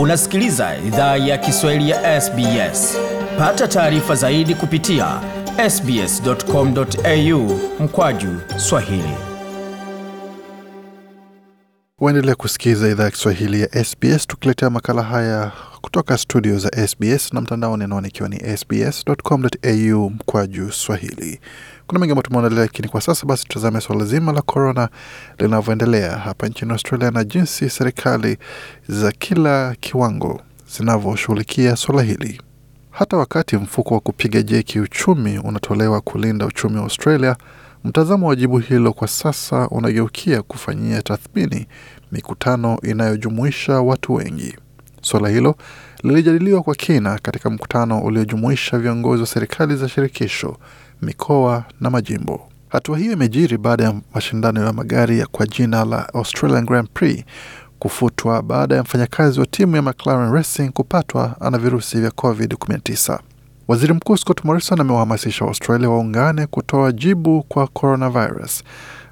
Unasikiliza idhaa ya Kiswahili ya SBS. Pata taarifa zaidi kupitia sbs.com.au mkwaju swahili. Waendelea kusikiliza idhaa ya Kiswahili ya SBS tukiletea makala haya kutoka studio za SBS na mtandaoni anaone ikiwa ni sbs.com.au mkwaju Swahili. Kuna mengi ambayo tumeandalia, lakini kwa sasa basi tutazame swala zima la korona linavyoendelea hapa nchini Australia na jinsi serikali za kila kiwango zinavyoshughulikia swala hili. Hata wakati mfuko wa kupiga jeki uchumi unatolewa kulinda uchumi wa Australia, mtazamo wa jibu hilo kwa sasa unageukia kufanyia tathmini mikutano inayojumuisha watu wengi. Suala hilo lilijadiliwa kwa kina katika mkutano uliojumuisha viongozi wa serikali za shirikisho, mikoa na majimbo. Hatua hiyo imejiri baada ya mashindano ya magari ya kwa jina la Australian Grand Prix kufutwa baada ya mfanyakazi wa timu ya McLaren Racing kupatwa ana virusi vya COVID-19. Waziri Mkuu Scott Morrison amewahamasisha waustralia waungane kutoa jibu kwa coronavirus,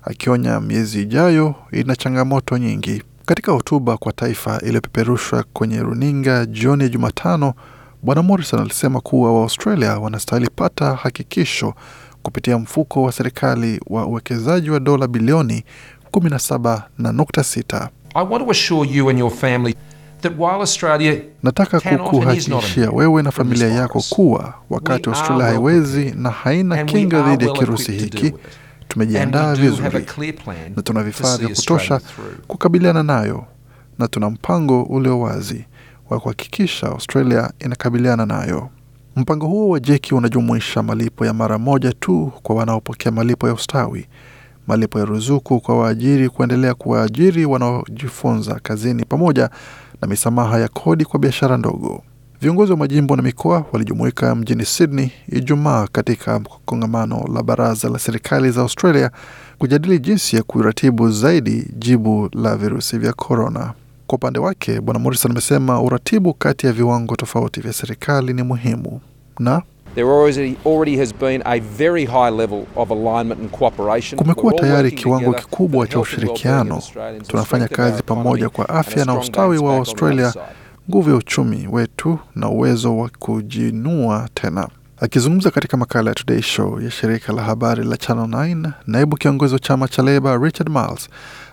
akionya miezi ijayo ina changamoto nyingi. Katika hotuba kwa taifa iliyopeperushwa kwenye runinga jioni ya Jumatano, Bwana Morrison alisema kuwa Waaustralia wanastahili pata hakikisho kupitia mfuko wa serikali wa uwekezaji wa dola bilioni 17.6. Nataka kukuhakikishia wewe na familia yako kuwa wakati Australia haiwezi na haina kinga dhidi ya kirusi hiki Tumejiandaa vizuri na tuna vifaa vya kutosha kukabiliana nayo, na tuna mpango ulio wazi wa kuhakikisha Australia inakabiliana nayo. Mpango huo wa jeki unajumuisha malipo ya mara moja tu kwa wanaopokea malipo ya ustawi, malipo ya ruzuku kwa waajiri kuendelea kuwaajiri wanaojifunza kazini, pamoja na misamaha ya kodi kwa biashara ndogo. Viongozi wa majimbo na mikoa walijumuika mjini Sydney Ijumaa katika kongamano la baraza la serikali za Australia kujadili jinsi ya kuratibu zaidi jibu la virusi vya korona. Kwa upande wake, Bwana Morrison amesema uratibu kati ya viwango tofauti vya serikali ni muhimu na kumekuwa tayari kiwango kikubwa cha ushirikiano. Tunafanya kazi pamoja kwa afya na ustawi wa Australia nguvu ya uchumi wetu na uwezo wa kujinua tena. Akizungumza katika makala ya Today Show ya shirika la habari la Channel 9, naibu kiongozi wa chama cha Leba Richard Marles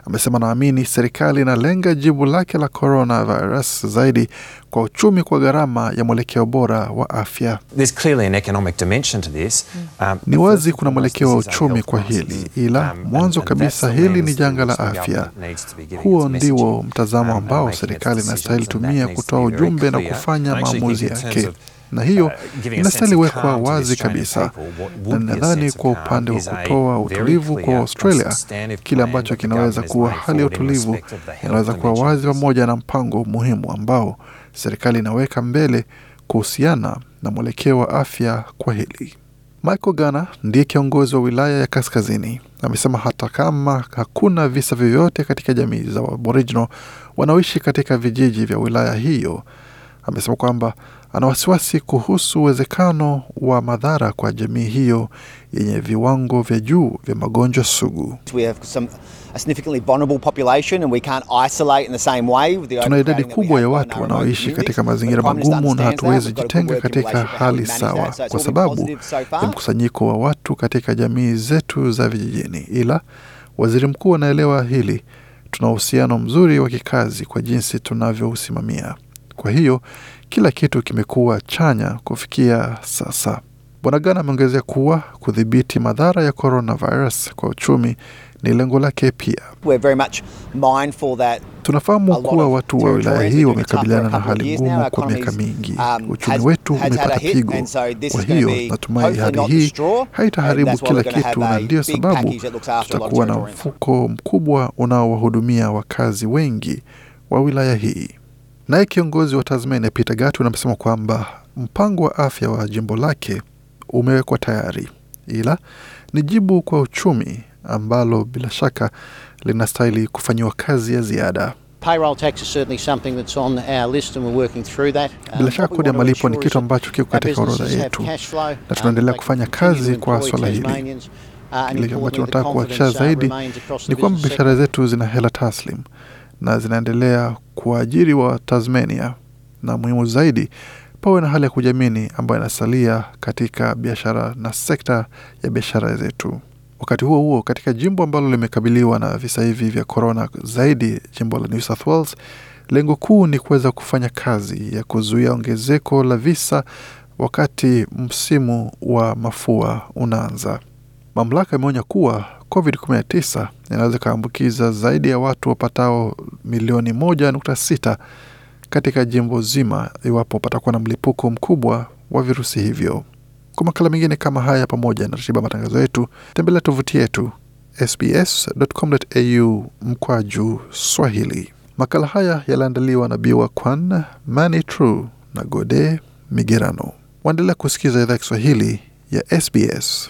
amesema anaamini serikali inalenga jibu lake la coronavirus zaidi kwa uchumi kwa gharama ya mwelekeo bora wa afya. Um, ni wazi kuna mwelekeo wa uchumi kwa hili, ila um, mwanzo kabisa hili ni janga la afya. Huo ndiwo mtazamo um, ambao serikali inastahili tumia kutoa ujumbe na kufanya maamuzi yake na hiyo uh, inastaliwekwa wazi kabisa, na ninadhani kwa upande wa kutoa utulivu kwa Australia, kile ambacho kinaweza kuwa hali ya utulivu inaweza kuwa wazi, pamoja na mpango muhimu ambao serikali inaweka mbele kuhusiana na mwelekeo wa afya kwa hili. Michael Gana ndiye kiongozi wa wilaya ya Kaskazini, amesema hata kama hakuna visa vyovyote katika jamii za Aboriginal wanaoishi katika vijiji vya wilaya hiyo, amesema kwamba ana wasiwasi kuhusu uwezekano wa madhara kwa jamii hiyo yenye viwango vya juu vya magonjwa sugu. Tuna idadi kubwa ya watu wanaoishi katika mazingira magumu na hatuwezi jitenga katika hali sawa, kwa sababu ya mkusanyiko wa watu katika jamii zetu za vijijini. Ila waziri mkuu anaelewa hili, tuna uhusiano mzuri wa kikazi kwa jinsi tunavyousimamia. Kwa hiyo kila kitu kimekuwa chanya kufikia sasa. Bwana Gana ameongezea kuwa kudhibiti madhara ya coronavirus kwa uchumi ni lengo lake pia. Tunafahamu kuwa watu wa wilaya hii wamekabiliana na hali ngumu kwa miaka mingi. Um, uchumi wetu umepata pigo, kwa hiyo natumai hali hii haitaharibu kila kitu, na ndiyo sababu tutakuwa na mfuko mkubwa unaowahudumia wakazi wengi wa wilaya hii. Naye kiongozi wa Tasmania Peter Gatwin amesema kwamba mpango wa afya wa jimbo lake umewekwa tayari, ila ni jibu kwa uchumi ambalo bila shaka linastahili kufanyiwa kazi ya ziada. Bila um, shaka kodi ya malipo ni kitu ambacho kiko katika orodha yetu, na tunaendelea um, kufanya kazi kwa swala hili. Uh, Kile ambacho tunataka kuhakikisha uh, zaidi ni kwamba biashara zetu zina hela taslim na zinaendelea kuajiri wa Tasmania, na muhimu zaidi, pawe na hali ya kujamini ambayo inasalia katika biashara na sekta ya biashara zetu. Wakati huo huo, katika jimbo ambalo limekabiliwa na visa hivi vya korona zaidi, jimbo la New South Wales, lengo kuu ni kuweza kufanya kazi ya kuzuia ongezeko la visa wakati msimu wa mafua unaanza. Mamlaka imeonya kuwa COVID-19 yanaweza kaambukiza zaidi ya watu wapatao milioni 1.6 katika jimbo zima iwapo patakuwa na mlipuko mkubwa wa virusi hivyo. Kwa makala mengine kama haya pamoja na ratiba matangazo yetu, tembelea tovuti yetu sbs.com.au mkwaju Swahili. Makala haya yaliandaliwa na Biwa Kwan, Mani True na Gode Migerano. Waendelea kusikiza idhaa ya Kiswahili ya SBS